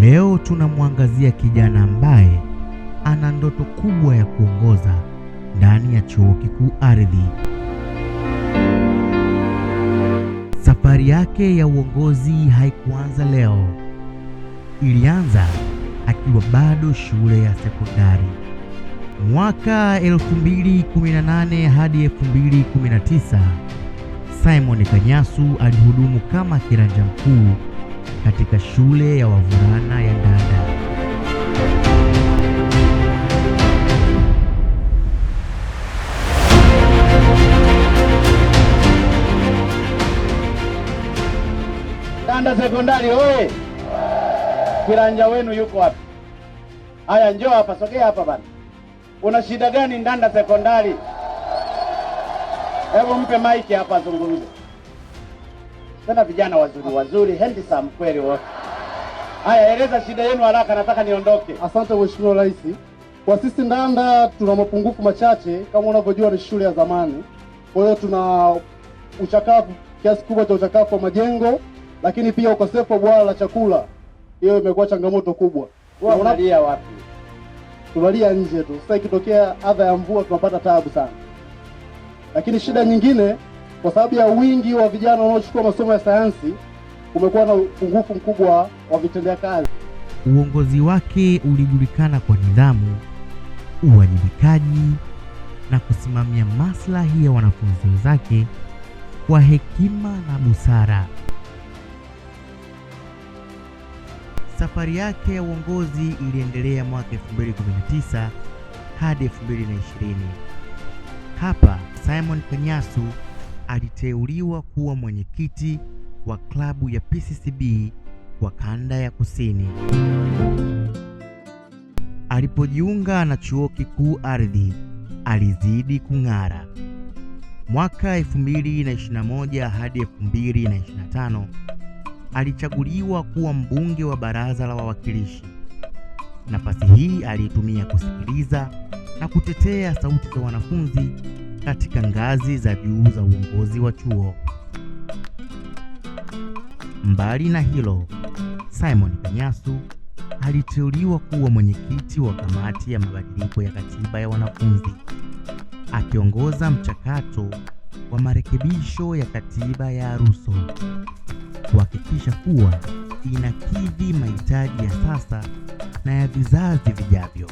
Leo tunamwangazia kijana ambaye ana ndoto kubwa ya kuongoza ndani ya Chuo Kikuu Ardhi. Safari yake ya uongozi haikuanza leo. Ilianza akiwa bado shule ya sekondari. Mwaka 2018 hadi 2019, Simon Kanyasu alihudumu kama kiranja mkuu katika shule ya wavulana ya dada. ndanda sekondari oye! Kiranja wenu yuko wapi? Haya, njoo hapa, sogea hapa bana. Una shida gani Ndanda sekondari? Hebu mpe maiki hapa azungumze. Napenda vijana wazuri wazuri, handsome kweli wote. Haya, eleza shida yenu haraka, nataka niondoke. Asante Mheshimiwa Rais. Kwa sisi Ndanda tuna mapungufu machache, kama unavyojua ni shule ya zamani, kwa hiyo tuna uchakavu kiasi kubwa cha uchakavu wa majengo, lakini pia ukosefu wa bwala la chakula. Hiyo imekuwa changamoto kubwa. Unalia wapi? Tunalia nje tu. Sasa ikitokea adha ya mvua tunapata taabu sana, lakini shida nyingine kwa sababu ya wingi wa vijana wanaochukua masomo ya sayansi, kumekuwa na upungufu mkubwa wa vitendea kazi. Uongozi wake ulijulikana kwa nidhamu, uwajibikaji na kusimamia maslahi ya wanafunzi wenzake kwa hekima na busara. Safari yake ya uongozi iliendelea mwaka 2019 hadi 2020. Hapa Simon Kanyasu aliteuliwa kuwa mwenyekiti wa klabu ya PCCB kwa kanda ya kusini. Alipojiunga na chuo kikuu Ardhi, alizidi kung'ara. Mwaka 2021 hadi 2025 alichaguliwa kuwa mbunge wa baraza la wawakilishi. Nafasi hii aliitumia kusikiliza na kutetea sauti za wanafunzi katika ngazi za juu za uongozi wa chuo. Mbali na hilo, Simon Kanyasu aliteuliwa kuwa mwenyekiti wa kamati ya mabadiliko ya katiba ya wanafunzi, akiongoza mchakato wa marekebisho ya katiba ya Aruso kuhakikisha kuwa inakidhi mahitaji ya sasa na ya vizazi vijavyo.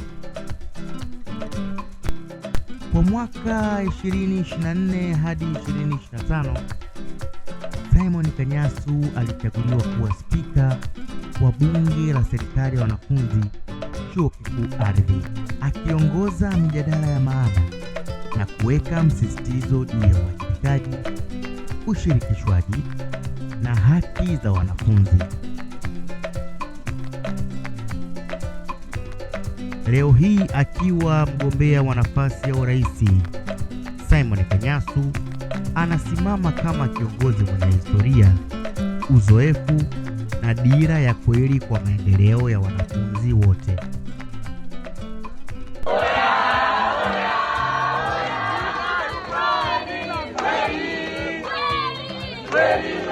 Kwa mwaka 2024 hadi 2025, Simon Kanyasu alichaguliwa kuwa spika wa bunge la serikali ya wanafunzi chuo kikuu Ardhi, akiongoza mijadala ya maana na kuweka msisitizo juu ya uwajibikaji, ushirikishwaji na haki za wanafunzi. leo hii akiwa mgombea wa nafasi ya urais. Simon Kanyasu anasimama kama kiongozi mwenye historia, uzoefu na dira ya kweli kwa maendeleo ya wanafunzi wote. Ready,